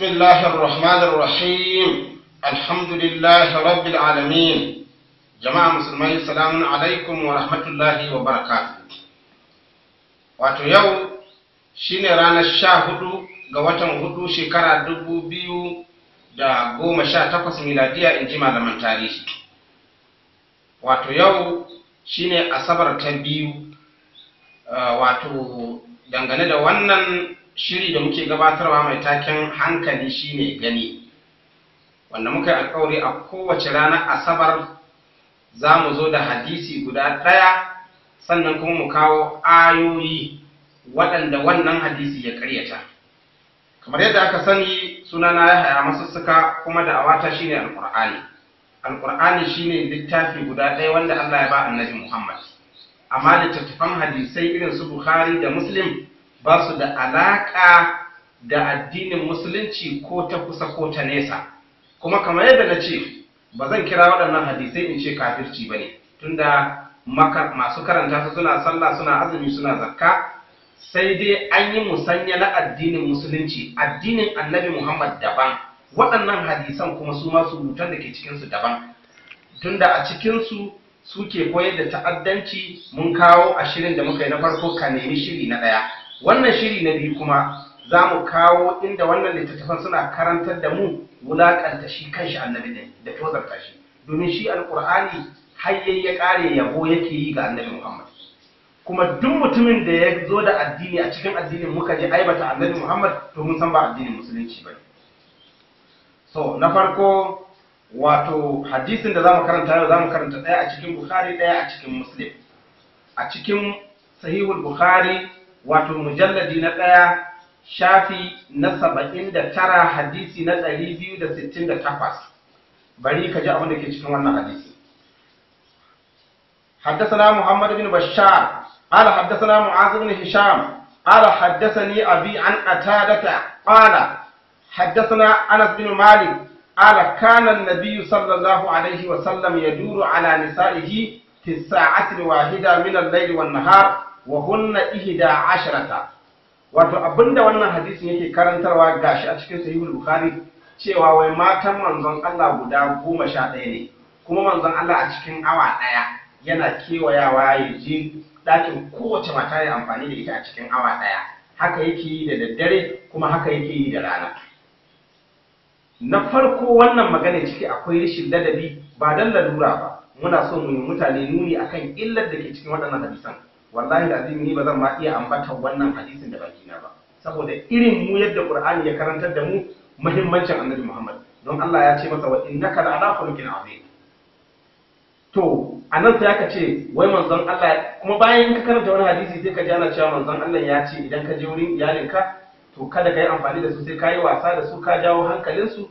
بسم الله الرحمن الرحيم الحمد لله رب العالمين جماعة مسلمين wato yau shine ranar sha hudu ga watan hudu shekara dubu biyu da goma sha takwas miladi in ji malaman tarihi wato yau shine asabar ta biyu uh, wato dangane da wannan shiri da muke gabatarwa mai taken hankali shine gani wanda muka yi alkawari a kowace ranar asabar za mu zo da hadisi guda ɗaya sannan kuma mu kawo ayoyi waɗanda wannan hadisi ya karyata kamar yadda aka sani sunana ya haya masussuka kuma da awata shine alƙur'ani alƙur'ani shine littafi guda ɗaya wanda allah ya ba annabi muhammad amma littattafan hadisai irin su bukhari da muslim ba su da alaƙa da addinin musulunci ko ta kusa ko ta nesa kuma kamar yadda na ce ba zan kira waɗannan hadisai in ce kafirci ba ne tunda masu karanta su suna sallah suna azumi suna zakka sai dai an yi musanya na addinin musulunci addinin annabi muhammad daban waɗannan hadisan kuma su masu rutan da ke cikinsu daban tunda a cikinsu suke koyar da ta'addanci mun kawo ashirin da muka yi na farko ka nemi shiri na ɗaya wannan shiri na biyu kuma za mu kawo inda wannan littattafan suna karantar da mu wulaƙanta shi kanshi annabi ne da tozarta shi domin shi alƙur'ani hayyai ya ƙare yabo yake yi ga annabi muhammad kuma duk mutumin da ya zo da addini a cikin addinin muka je aibata annabi muhammad to mun san ba addinin musulunci ba so na farko wato hadisin da zamu karanta yau zamu karanta ɗaya a cikin bukhari ɗaya a cikin muslim a cikin sahihul bukhari wato mujalladi na ɗaya shafi na saba'in da tara hadisi na ɗari biyu da sittin da takwas bari ka ji abin da ke cikin wannan hadisi حدثنا محمد بن بشار قال حدثنا معاذ بن هشام قال حدثني أبي عن أتادة قال حدثنا أنس بن مالك قال كان النبي صلى الله عليه وسلم يدور على نسائه في الساعة الواحدة من الليل والنهار wa hunna ihda asharata wato abinda wannan hadisin yake karantarwa gashi a cikin sahihul bukhari cewa wai matan manzon Allah guda goma sha ɗaya ne kuma manzon Allah a cikin awa ɗaya yana kewayawa ya je ɗakin kowace mata ya amfani da ita a cikin awa ɗaya haka yake yi da daddare kuma haka yake yi da rana na farko wannan magana ciki akwai rashin ladabi ba dan lalura ba muna so mu yi mutane nuni akan illar da ke cikin waɗannan hadisan wallahi da azimi ni ba zan ma iya ambata wannan hadisin da baki na ba saboda irin mu yadda qur'ani ya karantar da mu muhimmancin annabi muhammad don allah ya ce masa wa innaka la'ala khuluqin azim to a nan sai aka ce wai manzon Allah kuma bayan ka karanta wani hadisi sai ka ji ana cewa manzon Allah ya ce idan ka je wurin iyalinka to kada ka yi amfani da su sai ka yi wasa da su ka jawo hankalinsu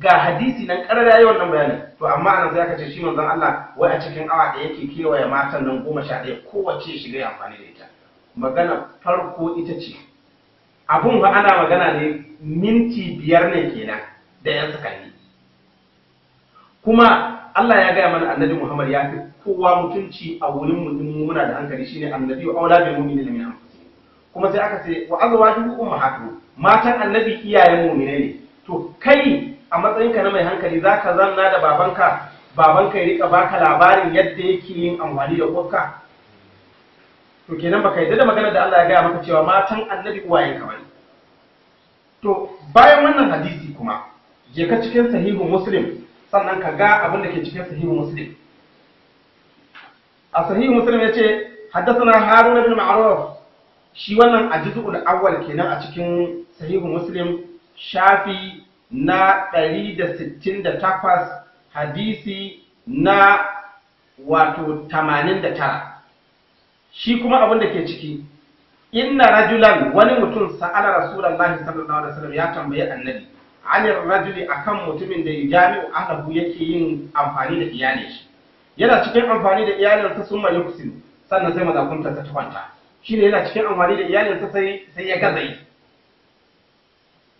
ga hadisi nan ya yawan nan bayani to amma anan za ka ce shi manzon Allah wai a cikin awa da yake kewaye matan nan goma sha ɗaya kowace shiga ya amfani da ita magana farko ita ce abun ba ana magana ne minti biyar ne kenan da yan tsakani kuma Allah ya gaya mana annabi Muhammad ya fi kowa mutunci a wurin mutum muna da hankali shine annabi aula bil da min kuma sai aka ce wa azwajuhum ummahatuhum matan annabi iyayen mu'mine ne to kai a matsayinka na mai hankali za ka zanna da babanka babanka ya rika baka labarin yadda yake yin amfani da ƙwarka to kenan baka yadda da magana da Allah ya gaya maka cewa matan annabi uwayen ka bane to bayan wannan hadisi kuma je ka cikin sahihu muslim sannan ka ga abin da ke cikin sahihu muslim a sahihu muslim ya ce haddasa haruna bin ma'ruf shi wannan a juz'ul awwal kenan a cikin sahihu muslim shafi na 168 hadisi na wato 89 shi kuma abin da ke ciki inna rajulan wani mutum sa'ala rasulullahi sallallahu alaihi wasallam ya tambayi annabi anir rajuli akan mutumin da jami'u ahlahu yake yin amfani da iyalin shi yana cikin amfani da iyalin sa summa yuksin sannan sai mazakunta ta kwanta shine yana cikin amfani da iyalin sa sai sai ya gaza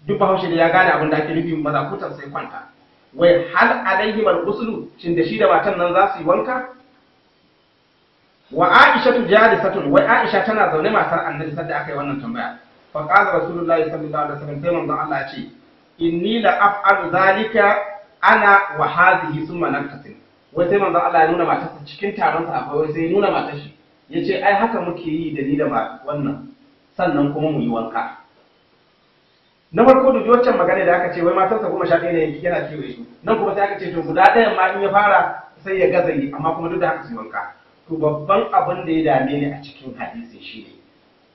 duk bahaushe da ya gane abin da ake nufi kutan sai kwanta wai hal alaihi mal gusulu shin da shi da matan nan za su yi wanka wa aisha tu jalisatun wai aisha tana zaune matar annabi da aka yi wannan tambaya fa qala rasulullahi sallallahu alaihi wasallam sai manzon Allah ya ce inni la af'alu zalika ana wa hadhihi thumma naktasim wai sai manzon Allah ya nuna matarsa cikin taron sa akwai wai sai nuna matar shi yace ai haka muke yi da ni da wannan sannan kuma mu yi wanka na farko da waccan magana da aka ce wai matarsa goma sha ɗaya ne yana kiwo shi. nan kuma sai aka ce to guda ɗayan ma in ya fara sai ya gaza yi amma kuma duk da haka sai wanka to babban abin da ya dame ni a cikin hadisi shi ne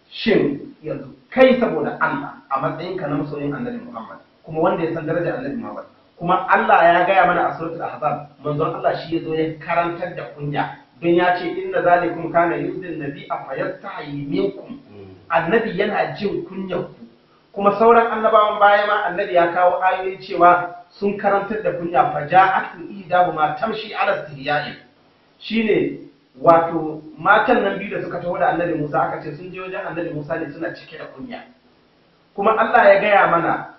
shin yanzu kai saboda Allah a matsayin ka na masoyin annabi Muhammad kuma wanda ya san darajar annabi Muhammad kuma Allah ya gaya mana a suratul ahzab manzon Allah shi ya zo ya karantar da kunya don ya ce inna zalikum kana yudin nabi a fayattahi minkum mm. annabi yana jin kunyar ku kuma sauran annabawan baya ma annabi ya kawo ayoyi cewa sun karantar da kunya fa ja'atul idahu ma tamshi ala istihya'i shine wato matan nan biyu da suka taho da annabi Musa aka ce sun je wajen annabi Musa ne suna cike da kunya kuma Allah ya gaya mana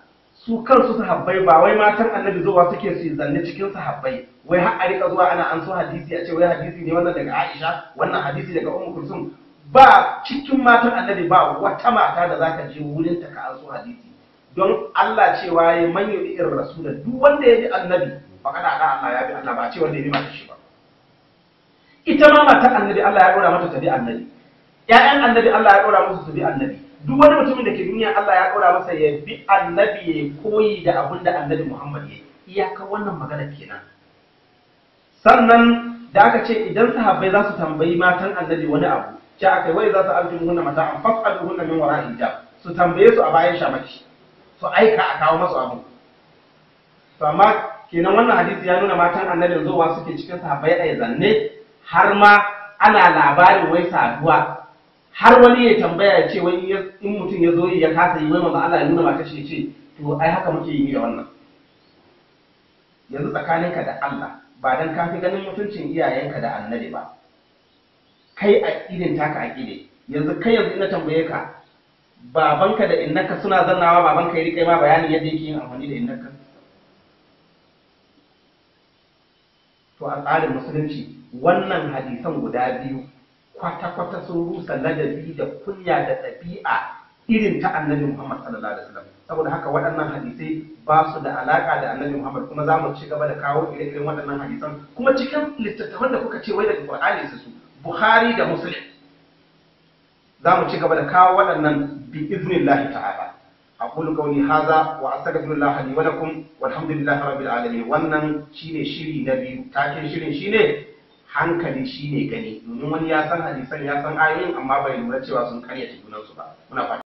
su kansu sahabbai ba wai matan annabi zuwa suke su zanne cikin sahabbai wai har a rika zuwa ana an so hadisi a ce wai hadisi ne wannan daga Aisha wannan hadisi daga Ummu Kulsum ba cikin matan annabi ba wata mata da zaka je wurin ta ka ansu hadisi don Allah cewa ya manyo da irin rasulun duk wanda ya bi annabi ba kada da Allah ya bi Allah ba ce wanda ya bi mata shi ba ita ma mata annabi Allah ya dora mata ta bi annabi ƴaƴan annabi Allah ya dora musu su bi annabi duk wani mutumin da ke duniya Allah ya dora masa ya bi annabi ya koyi da abin da annabi Muhammad ya yi. iyaka wannan magana kenan sannan da aka ce idan sahabbai za su tambayi matan annabi wani abu ce kai wai za su alfin hunna mata an fas'alu hunna min wara hijab su tambaye su a bayan shamaki su aika a kawo masu abu to amma kenan wannan hadisi ya nuna matan annabi zuwa suke cikin sahabbai a zanne har ma ana labarin wai saduwa har wani ya tambaya ya ce wai in mutum ya zo ya kasa yi wai Allah ya nuna mata shi ce to ai haka muke yi da wannan yanzu tsakaninka da Allah ba dan kafi ganin mutuncin iyayenka da annabi ba kai a idin taka aƙide yanzu kai yanzu ina tambaye ka babanka da innaka suna zannawa babanka ya rike ma bayanin yadda yake yin amfani da innaka to a tsarin musulunci wannan hadisan guda biyu kwata-kwata sun rusa ladabi da kunya da ɗabi'a irin ta annabi Muhammad sallallahu alaihi wasallam saboda haka waɗannan hadisai ba su da alaka da annabi Muhammad kuma za mu ci gaba da kawo ire-iren waɗannan hadisan kuma cikin littattafan da kuka ce wai daga su su buhari da muslim za mu ci gaba da kawo waɗannan bi iznillahi ta'ala aqulu qawli haza wa astaghfirullah li wa lakum walhamdulillahi rabbil alamin wannan shine shiri na biyu taken shirin shine hankali shine gani domin wani ya san hadisan ya san ayoyin amma bai lura cewa sun karya junansu ba muna